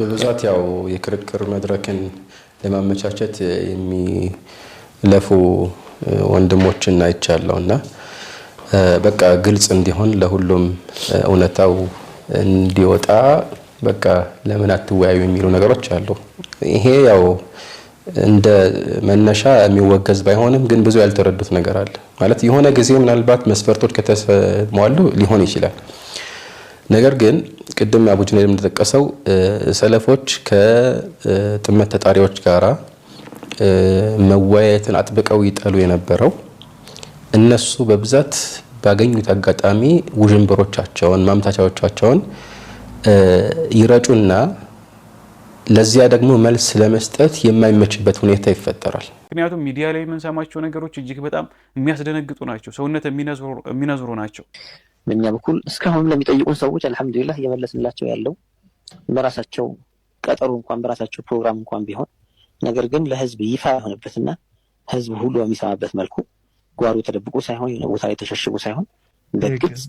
በብዛት ያው የክርክር መድረክን ለማመቻቸት የሚለፉ ወንድሞችን አይቻለሁ እና በቃ ግልጽ እንዲሆን ለሁሉም እውነታው እንዲወጣ በቃ ለምን አትወያዩ የሚሉ ነገሮች አሉ። ይሄ ያው እንደ መነሻ የሚወገዝ ባይሆንም ግን ብዙ ያልተረዱት ነገር አለ ማለት የሆነ ጊዜ ምናልባት መስፈርቶች ከተሟሉ ሊሆን ይችላል። ነገር ግን ቅድም አቡጅኔል እንደጠቀሰው ሰለፎች ከጥመት ተጣሪዎች ጋራ መወያየትን አጥብቀው ይጠሉ የነበረው እነሱ በብዛት ባገኙት አጋጣሚ ውዥንብሮቻቸውን፣ ማምታቻዎቻቸውን ይረጩና ለዚያ ደግሞ መልስ ለመስጠት የማይመችበት ሁኔታ ይፈጠራል። ምክንያቱም ሚዲያ ላይ የምንሰማቸው ነገሮች እጅግ በጣም የሚያስደነግጡ ናቸው፣ ሰውነት የሚነዝሩ ናቸው። በእኛ በኩል እስካሁንም ለሚጠይቁን ሰዎች አልሐምዱሊላህ እየመለስንላቸው ያለው በራሳቸው ቀጠሮ እንኳን በራሳቸው ፕሮግራም እንኳን ቢሆን ነገር ግን ለህዝብ ይፋ የሆነበትና ህዝብ ሁሉ በሚሰማበት መልኩ ጓሮ ተደብቆ ሳይሆን የሆነ ቦታ ላይ ተሸሽጎ ሳይሆን በግልጽ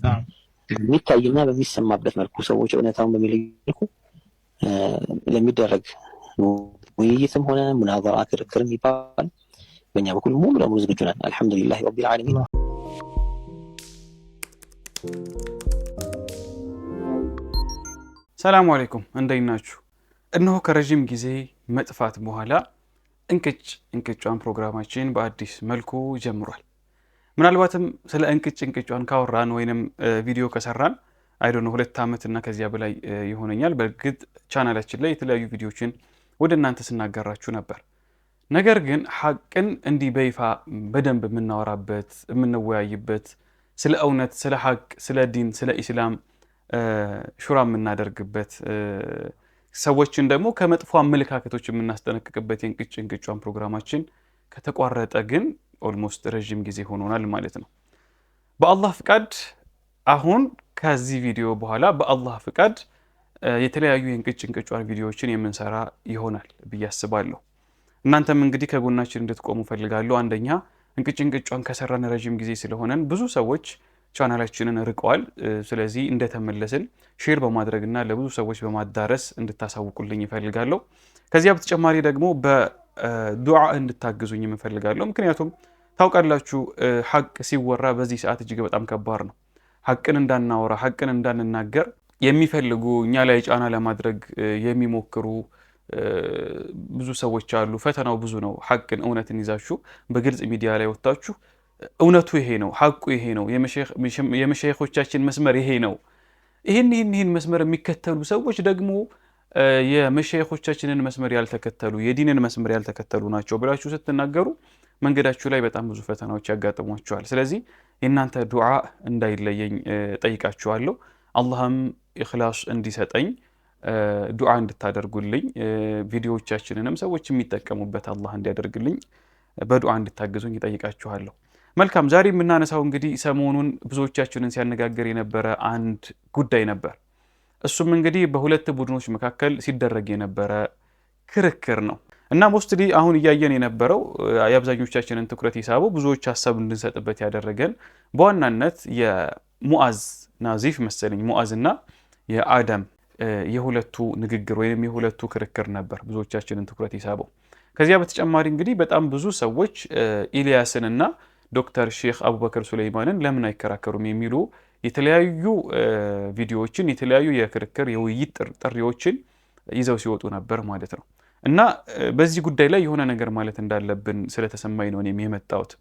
በሚታይና በሚሰማበት መልኩ ሰዎች እውነታውን በሚለይ መልኩ ለሚደረግ ውይይትም ሆነ ሙናዘራ ክርክር የሚባል በእኛ በኩል ሙሉ ለሙሉ ዝግጁ ነን። አልሐምዱሊላህ ረቢል ሰላም አለይኩም እንዴት ናችሁ? እነሆ ከረዥም ጊዜ መጥፋት በኋላ እንቅጭ እንቅጯን ፕሮግራማችን በአዲስ መልኩ ጀምሯል። ምናልባትም ስለ እንቅጭ እንቅጯን ካወራን ወይንም ቪዲዮ ከሰራን አይዶ ነው ሁለት ዓመት እና ከዚያ በላይ ይሆነኛል። በእርግጥ ቻናላችን ላይ የተለያዩ ቪዲዮችን ወደ እናንተ ስናገራችሁ ነበር። ነገር ግን ሐቅን እንዲህ በይፋ በደንብ የምናወራበት የምንወያይበት ስለ እውነት፣ ስለ ሀቅ፣ ስለ ዲን፣ ስለ ኢስላም ሹራ የምናደርግበት ሰዎችን ደግሞ ከመጥፎ አመለካከቶች የምናስጠነቅቅበት የእንቅጭ እንቅጯን ፕሮግራማችን ከተቋረጠ ግን ኦልሞስት ረዥም ጊዜ ሆኖናል ማለት ነው። በአላህ ፍቃድ አሁን ከዚህ ቪዲዮ በኋላ በአላህ ፍቃድ የተለያዩ የእንቅጭ እንቅጯን ቪዲዮዎችን የምንሰራ ይሆናል ብዬ አስባለሁ። እናንተም እንግዲህ ከጎናችን እንድትቆሙ ፈልጋለሁ። አንደኛ እንቅጭ እንቅጯን ከሰራን ረዥም ጊዜ ስለሆነን ብዙ ሰዎች ቻናላችንን ርቀዋል። ስለዚህ እንደተመለስን ሼር በማድረግና ለብዙ ሰዎች በማዳረስ እንድታሳውቁልኝ ይፈልጋለሁ። ከዚያ በተጨማሪ ደግሞ በዱዓ እንድታግዙኝ እፈልጋለሁ። ምክንያቱም ታውቃላችሁ ሀቅ ሲወራ በዚህ ሰዓት እጅግ በጣም ከባድ ነው። ሀቅን እንዳናወራ ሀቅን እንዳንናገር የሚፈልጉ እኛ ላይ ጫና ለማድረግ የሚሞክሩ ብዙ ሰዎች አሉ። ፈተናው ብዙ ነው። ሐቅን እውነትን ይዛችሁ በግልጽ ሚዲያ ላይ ወጥታችሁ እውነቱ ይሄ ነው፣ ሐቁ ይሄ ነው፣ የመሸይኾቻችን መስመር ይሄ ነው። ይህን ይህን ይህን መስመር የሚከተሉ ሰዎች ደግሞ የመሸይኾቻችንን መስመር ያልተከተሉ የዲንን መስመር ያልተከተሉ ናቸው ብላችሁ ስትናገሩ መንገዳችሁ ላይ በጣም ብዙ ፈተናዎች ያጋጥሟችኋል። ስለዚህ የእናንተ ዱዓ እንዳይለየኝ ጠይቃችኋለሁ። አላህም ኢኽላስ እንዲሰጠኝ ዱዓ እንድታደርጉልኝ ቪዲዮዎቻችንንም ሰዎች የሚጠቀሙበት አላህ እንዲያደርግልኝ በዱዓ እንድታግዙኝ ይጠይቃችኋለሁ። መልካም። ዛሬ የምናነሳው እንግዲህ ሰሞኑን ብዙዎቻችንን ሲያነጋግር የነበረ አንድ ጉዳይ ነበር። እሱም እንግዲህ በሁለት ቡድኖች መካከል ሲደረግ የነበረ ክርክር ነው እና ሞስትሊ አሁን እያየን የነበረው የአብዛኞቻችንን ትኩረት የሳበው ብዙዎች ሀሳብ እንድንሰጥበት ያደረገን በዋናነት የሙዓዝ ናዚፍ መሰለኝ ሙዓዝ እና የአደም የሁለቱ ንግግር ወይም የሁለቱ ክርክር ነበር ብዙዎቻችንን ትኩረት ይሳበው ከዚያ በተጨማሪ እንግዲህ በጣም ብዙ ሰዎች እና ዶክተር ሼክ አቡበከር ሱለይማንን ለምን አይከራከሩም የሚሉ የተለያዩ ቪዲዮዎችን የተለያዩ የክርክር የውይይት ጥሪዎችን ይዘው ሲወጡ ነበር ማለት ነው። እና በዚህ ጉዳይ ላይ የሆነ ነገር ማለት እንዳለብን ስለተሰማኝ ነው እኔም የመጣሁት።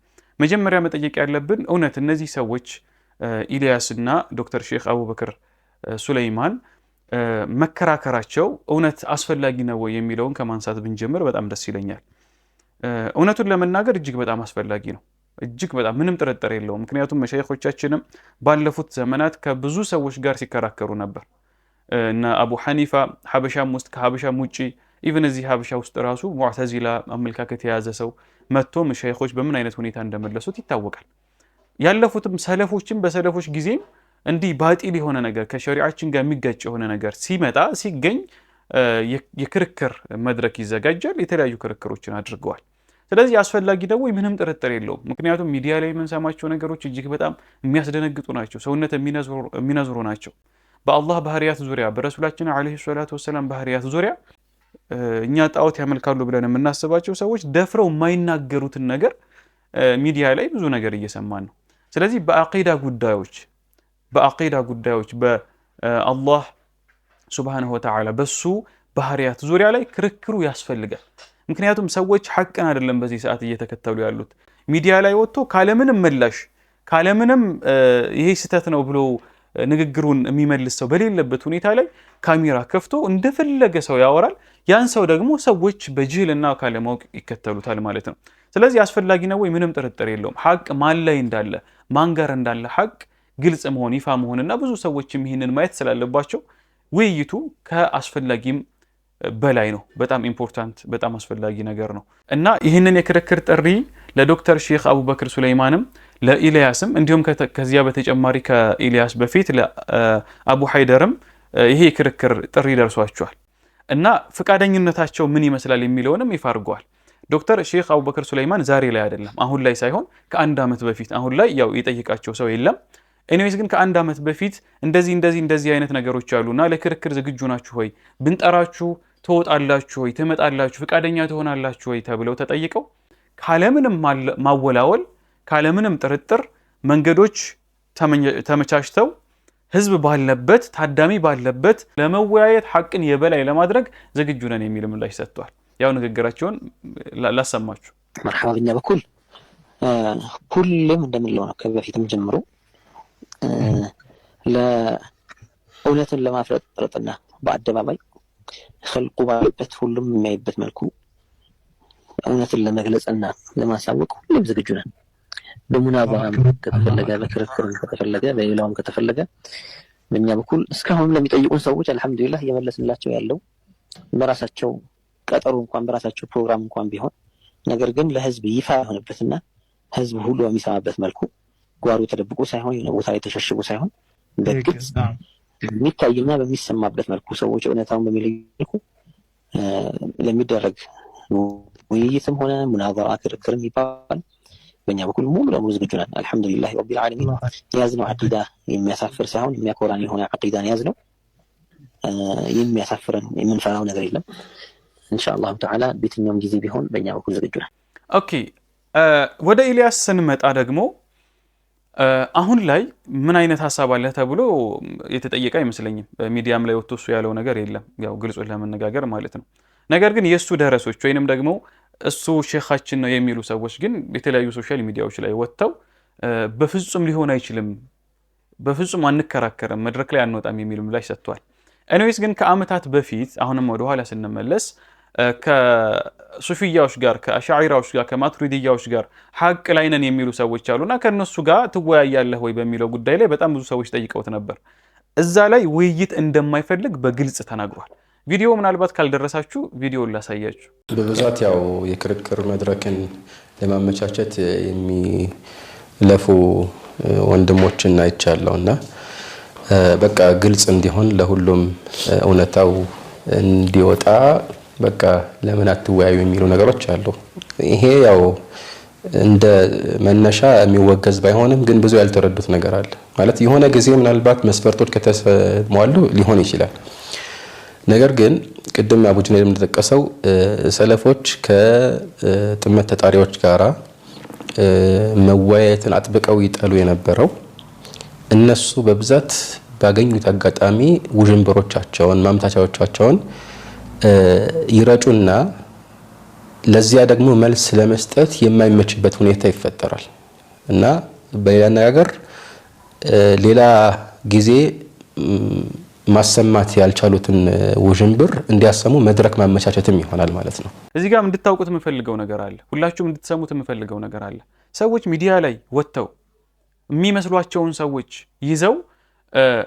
መጀመሪያ መጠየቅ ያለብን እውነት እነዚህ ሰዎች እና ዶክተር ሼክ አቡበክር ሱለይማን መከራከራቸው እውነት አስፈላጊ ነው ወይ የሚለውን ከማንሳት ብንጀምር በጣም ደስ ይለኛል። እውነቱን ለመናገር እጅግ በጣም አስፈላጊ ነው። እጅግ በጣም ምንም ጥርጥር የለውም። ምክንያቱም መሻይኮቻችንም ባለፉት ዘመናት ከብዙ ሰዎች ጋር ሲከራከሩ ነበር። እነ አቡ ሐኒፋ ሐበሻም ውስጥ ከሐበሻም ውጭ ኢቨን እዚህ ሐበሻ ውስጥ ራሱ ሙዕተዚላ አመለካከት የያዘ ሰው መጥቶ መሻይኮች በምን አይነት ሁኔታ እንደመለሱት ይታወቃል። ያለፉትም ሰለፎችም በሰለፎች ጊዜም እንዲህ ባጢል የሆነ ነገር ከሸሪዓችን ጋር የሚጋጭ የሆነ ነገር ሲመጣ ሲገኝ የክርክር መድረክ ይዘጋጃል። የተለያዩ ክርክሮችን አድርገዋል። ስለዚህ አስፈላጊ ደግሞ ምንም ጥርጥር የለውም። ምክንያቱም ሚዲያ ላይ የምንሰማቸው ነገሮች እጅግ በጣም የሚያስደነግጡ ናቸው፣ ሰውነት የሚነዝሩ ናቸው። በአላህ ባህርያት ዙሪያ በረሱላችን ዓለይሂ ሰላቱ ወሰላም ባህርያት ዙሪያ እኛ ጣዖት ያመልካሉ ብለን የምናስባቸው ሰዎች ደፍረው የማይናገሩትን ነገር ሚዲያ ላይ ብዙ ነገር እየሰማን ነው። ስለዚህ በአቂዳ ጉዳዮች በአቂዳ ጉዳዮች በአላህ ሱብሓነሁ ወተዓላ በሱ ባህሪያት ዙሪያ ላይ ክርክሩ ያስፈልጋል። ምክንያቱም ሰዎች ሐቅን አይደለም በዚህ ሰዓት እየተከተሉ ያሉት። ሚዲያ ላይ ወጥቶ ካለምንም ምላሽ ካለምንም ይሄ ስህተት ነው ብሎ ንግግሩን የሚመልስ ሰው በሌለበት ሁኔታ ላይ ካሜራ ከፍቶ እንደፈለገ ሰው ያወራል። ያን ሰው ደግሞ ሰዎች በጅህልና ካለማወቅ ይከተሉታል ማለት ነው። ስለዚህ አስፈላጊ ነው ወይ? ምንም ጥርጥር የለውም። ሐቅ ማን ላይ እንዳለ ማን ጋር እንዳለ ሐቅ ግልጽ መሆን ይፋ መሆንና ብዙ ሰዎችም ይህንን ማየት ስላለባቸው ውይይቱ ከአስፈላጊም በላይ ነው። በጣም ኢምፖርታንት በጣም አስፈላጊ ነገር ነው እና ይህንን የክርክር ጥሪ ለዶክተር ሼክ አቡበክር ሱለይማንም ለኢልያስም እንዲሁም ከዚያ በተጨማሪ ከኢልያስ በፊት ለአቡ ሀይደርም ይሄ የክርክር ጥሪ ደርሷቸዋል እና ፈቃደኝነታቸው ምን ይመስላል የሚለውንም ይፋ አድርገዋል። ዶክተር ሼክ አቡበክር ሱለይማን ዛሬ ላይ አይደለም አሁን ላይ ሳይሆን ከአንድ ዓመት በፊት አሁን ላይ ያው የጠየቃቸው ሰው የለም ኤኒዌይስ ግን ከአንድ ዓመት በፊት እንደዚህ እንደዚህ እንደዚህ አይነት ነገሮች አሉና ለክርክር ዝግጁ ናችሁ ወይ፣ ብንጠራችሁ ትወጣላችሁ ወይ፣ ትመጣላችሁ፣ ፈቃደኛ ትሆናላችሁ ወይ ተብለው ተጠይቀው ካለምንም ማወላወል ካለምንም ጥርጥር መንገዶች ተመቻችተው ህዝብ ባለበት ታዳሚ ባለበት ለመወያየት ሐቅን የበላይ ለማድረግ ዝግጁ ነን የሚል ምላሽ ሰጥቷል። ያው ንግግራቸውን ላሰማችሁ። መርሓባ በኛ በኩል ሁሌም እንደምንለው ነው ከበፊትም ጀምሮ ለእውነትን ለማፍረጥ ጥረጥና በአደባባይ ኸልቁ ባለበት ሁሉም የሚያይበት መልኩ እውነትን ለመግለጽና ለማሳወቅ ሁሌም ዝግጁ ነን። በሙናባራም ከተፈለገ በክርክር ከተፈለገ በሌላውም ከተፈለገ በእኛ በኩል እስካሁንም ለሚጠይቁን ሰዎች አልሐምዱሊላህ እየመለስንላቸው ያለው በራሳቸው ቀጠሮ እንኳን በራሳቸው ፕሮግራም እንኳን ቢሆን ነገር ግን ለህዝብ ይፋ የሆነበትና ህዝብ ሁሉ በሚሰማበት መልኩ ጓሮ ተደብቆ ሳይሆን የሆነ ቦታ ላይ ተሸሽጎ ሳይሆን በግልጽ በሚታይና በሚሰማበት መልኩ ሰዎች እውነታውን በሚለዩ መልኩ ለሚደረግ ውይይትም ሆነ ሙናዘራ ክርክር የሚባል በእኛ በኩል ሙሉ ለሙሉ ዝግጁ ነን። አልሐምዱሊላህ ረቢል ዓለሚን የያዝነው አቂዳ የሚያሳፍር ሳይሆን የሚያኮራን የሆነ አቂዳን የያዝነው የሚያሳፍረን የምንፈራው ነገር የለም። ኢንሻአላሁ ተዓላ በየትኛውም ጊዜ ቢሆን በእኛ በኩል ዝግጁ ነን። ኦኬ ወደ ኢልያስ ስንመጣ ደግሞ አሁን ላይ ምን አይነት ሀሳብ አለ ተብሎ የተጠየቀ አይመስለኝም። በሚዲያም ላይ ወጥቶ እሱ ያለው ነገር የለም፣ ያው ግልጹን ለመነጋገር ማለት ነው። ነገር ግን የእሱ ደረሶች ወይንም ደግሞ እሱ ሼኻችን ነው የሚሉ ሰዎች ግን የተለያዩ ሶሻል ሚዲያዎች ላይ ወጥተው በፍጹም ሊሆን አይችልም፣ በፍጹም አንከራከርም፣ መድረክ ላይ አንወጣም የሚል ምላሽ ሰጥቷል። ኤኒዌይስ ግን ከዓመታት በፊት አሁንም ወደኋላ ስንመለስ ከሱፊያዎች ጋር ከአሻዒራዎች ጋር ከማቱሪድያዎች ጋር ሀቅ ላይ ነን የሚሉ ሰዎች አሉ እና ከእነሱ ጋር ትወያያለህ ወይ በሚለው ጉዳይ ላይ በጣም ብዙ ሰዎች ጠይቀውት ነበር። እዛ ላይ ውይይት እንደማይፈልግ በግልጽ ተናግሯል። ቪዲዮ ምናልባት ካልደረሳችሁ ቪዲዮን ላሳያችሁ። በብዛት ያው የክርክር መድረክን ለማመቻቸት የሚለፉ ወንድሞችን አይቻለው እና በቃ ግልጽ እንዲሆን ለሁሉም እውነታው እንዲወጣ በቃ ለምን አትወያዩ የሚሉ ነገሮች አሉ። ይሄ ያው እንደ መነሻ የሚወገዝ ባይሆንም ግን ብዙ ያልተረዱት ነገር አለ ማለት የሆነ ጊዜ ምናልባት መስፈርቶች ከተሟሉ ሊሆን ይችላል። ነገር ግን ቅድም አቡ እንደጠቀሰው ሰለፎች ከጥመት ተጣሪዎች ጋራ መወያየትን አጥብቀው ይጠሉ የነበረው እነሱ በብዛት ባገኙት አጋጣሚ ውዥንብሮቻቸውን ማምታቻዎቻቸውን ይረጩና ለዚያ ደግሞ መልስ ለመስጠት የማይመችበት ሁኔታ ይፈጠራል እና በሌላ አነጋገር ሌላ ጊዜ ማሰማት ያልቻሉትን ውዥንብር እንዲያሰሙ መድረክ ማመቻቸትም ይሆናል ማለት ነው። እዚህ ጋር እንድታውቁት የምፈልገው ነገር አለ፣ ሁላችሁም እንድትሰሙት የምፈልገው ነገር አለ። ሰዎች ሚዲያ ላይ ወጥተው የሚመስሏቸውን ሰዎች ይዘው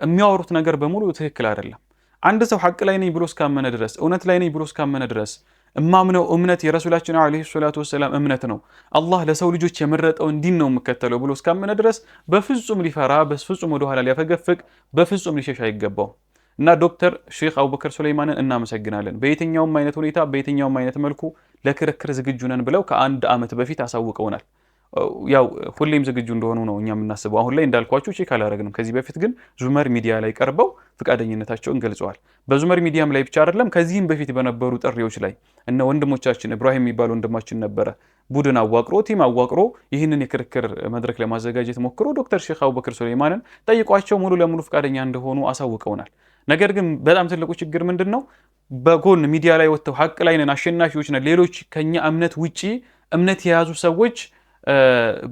የሚያወሩት ነገር በሙሉ ትክክል አይደለም። አንድ ሰው ሐቅ ላይ ነኝ ብሎ እስካመነ ድረስ እውነት ላይ ነኝ ብሎ እስካመነ ድረስ እማምነው እምነት የረሱላችን ዓለይሂ ሰላቱ ወሰላም እምነት ነው፣ አላህ ለሰው ልጆች የመረጠው እንዲን ነው የምከተለው ብሎ እስካመነ ድረስ በፍጹም ሊፈራ፣ በፍጹም ወደኋላ ሊያፈገፍቅ፣ በፍጹም ሊሸሽ አይገባው እና ዶክተር ሼክ አቡበከር ሱለይማንን እናመሰግናለን። በየትኛውም አይነት ሁኔታ በየትኛውም አይነት መልኩ ለክርክር ዝግጁ ነን ብለው ከአንድ ዓመት በፊት አሳውቀውናል። ያው ሁሌም ዝግጁ እንደሆኑ ነው እኛ የምናስበው። አሁን ላይ እንዳልኳቸው ቼክ አላደረግንም። ከዚህ በፊት ግን ዙመር ሚዲያ ላይ ቀርበው ፍቃደኝነታቸውን ገልጸዋል። በዙመር ሚዲያም ላይ ብቻ አይደለም፣ ከዚህም በፊት በነበሩ ጥሪዎች ላይ እነ ወንድሞቻችን እብራሂም የሚባል ወንድማችን ነበረ ቡድን አዋቅሮ ቲም አዋቅሮ ይህንን የክርክር መድረክ ለማዘጋጀት ሞክሮ ዶክተር ሼክ አቡበክር ሱሌማንን ጠይቋቸው ሙሉ ለሙሉ ፍቃደኛ እንደሆኑ አሳውቀውናል። ነገር ግን በጣም ትልቁ ችግር ምንድን ነው? በጎን ሚዲያ ላይ ወጥተው ሀቅ ላይ ነን፣ አሸናፊዎች ነን፣ ሌሎች ከኛ እምነት ውጪ እምነት የያዙ ሰዎች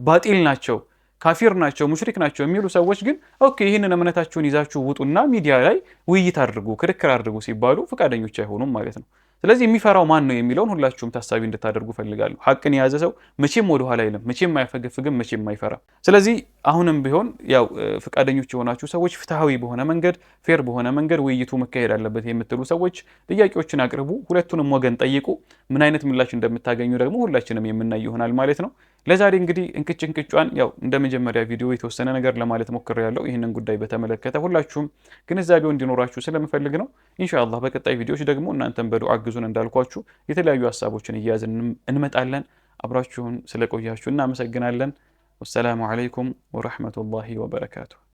ባጢል ናቸው፣ ካፊር ናቸው፣ ሙሽሪክ ናቸው የሚሉ ሰዎች ግን ኦኬ ይህንን እምነታችሁን ይዛችሁ ውጡና ሚዲያ ላይ ውይይት አድርጉ፣ ክርክር አድርጉ ሲባሉ ፈቃደኞች አይሆኑም ማለት ነው። ስለዚህ የሚፈራው ማን ነው የሚለውን ሁላችሁም ታሳቢ እንድታደርጉ ፈልጋለሁ። ሀቅን የያዘ ሰው መቼም ወደኋላ ኋላ አይልም፣ መቼም አያፈገፍግም፣ መቼም አይፈራም። ስለዚህ አሁንም ቢሆን ያው ፈቃደኞች የሆናችሁ ሰዎች ፍትሐዊ በሆነ መንገድ ፌር በሆነ መንገድ ውይይቱ መካሄድ አለበት የምትሉ ሰዎች ጥያቄዎችን አቅርቡ፣ ሁለቱንም ወገን ጠይቁ። ምን አይነት ምላሽ እንደምታገኙ ደግሞ ሁላችንም የምናይ ይሆናል ማለት ነው። ለዛሬ እንግዲህ እንቅጭ እንቅጯን ያው እንደ መጀመሪያ ቪዲዮ የተወሰነ ነገር ለማለት ሞክር ያለው ይህንን ጉዳይ በተመለከተ ሁላችሁም ግንዛቤው እንዲኖራችሁ ስለምፈልግ ነው። እንሻላ በቀጣይ ቪዲዮዎች ደግሞ እናንተን በዱዓ አግዙን እንዳልኳችሁ የተለያዩ ሀሳቦችን እያያዝን እንመጣለን። አብራችሁን ስለቆያችሁ እናመሰግናለን። ወሰላሙ አለይኩም ወረህመቱላሂ ወበረካቱ።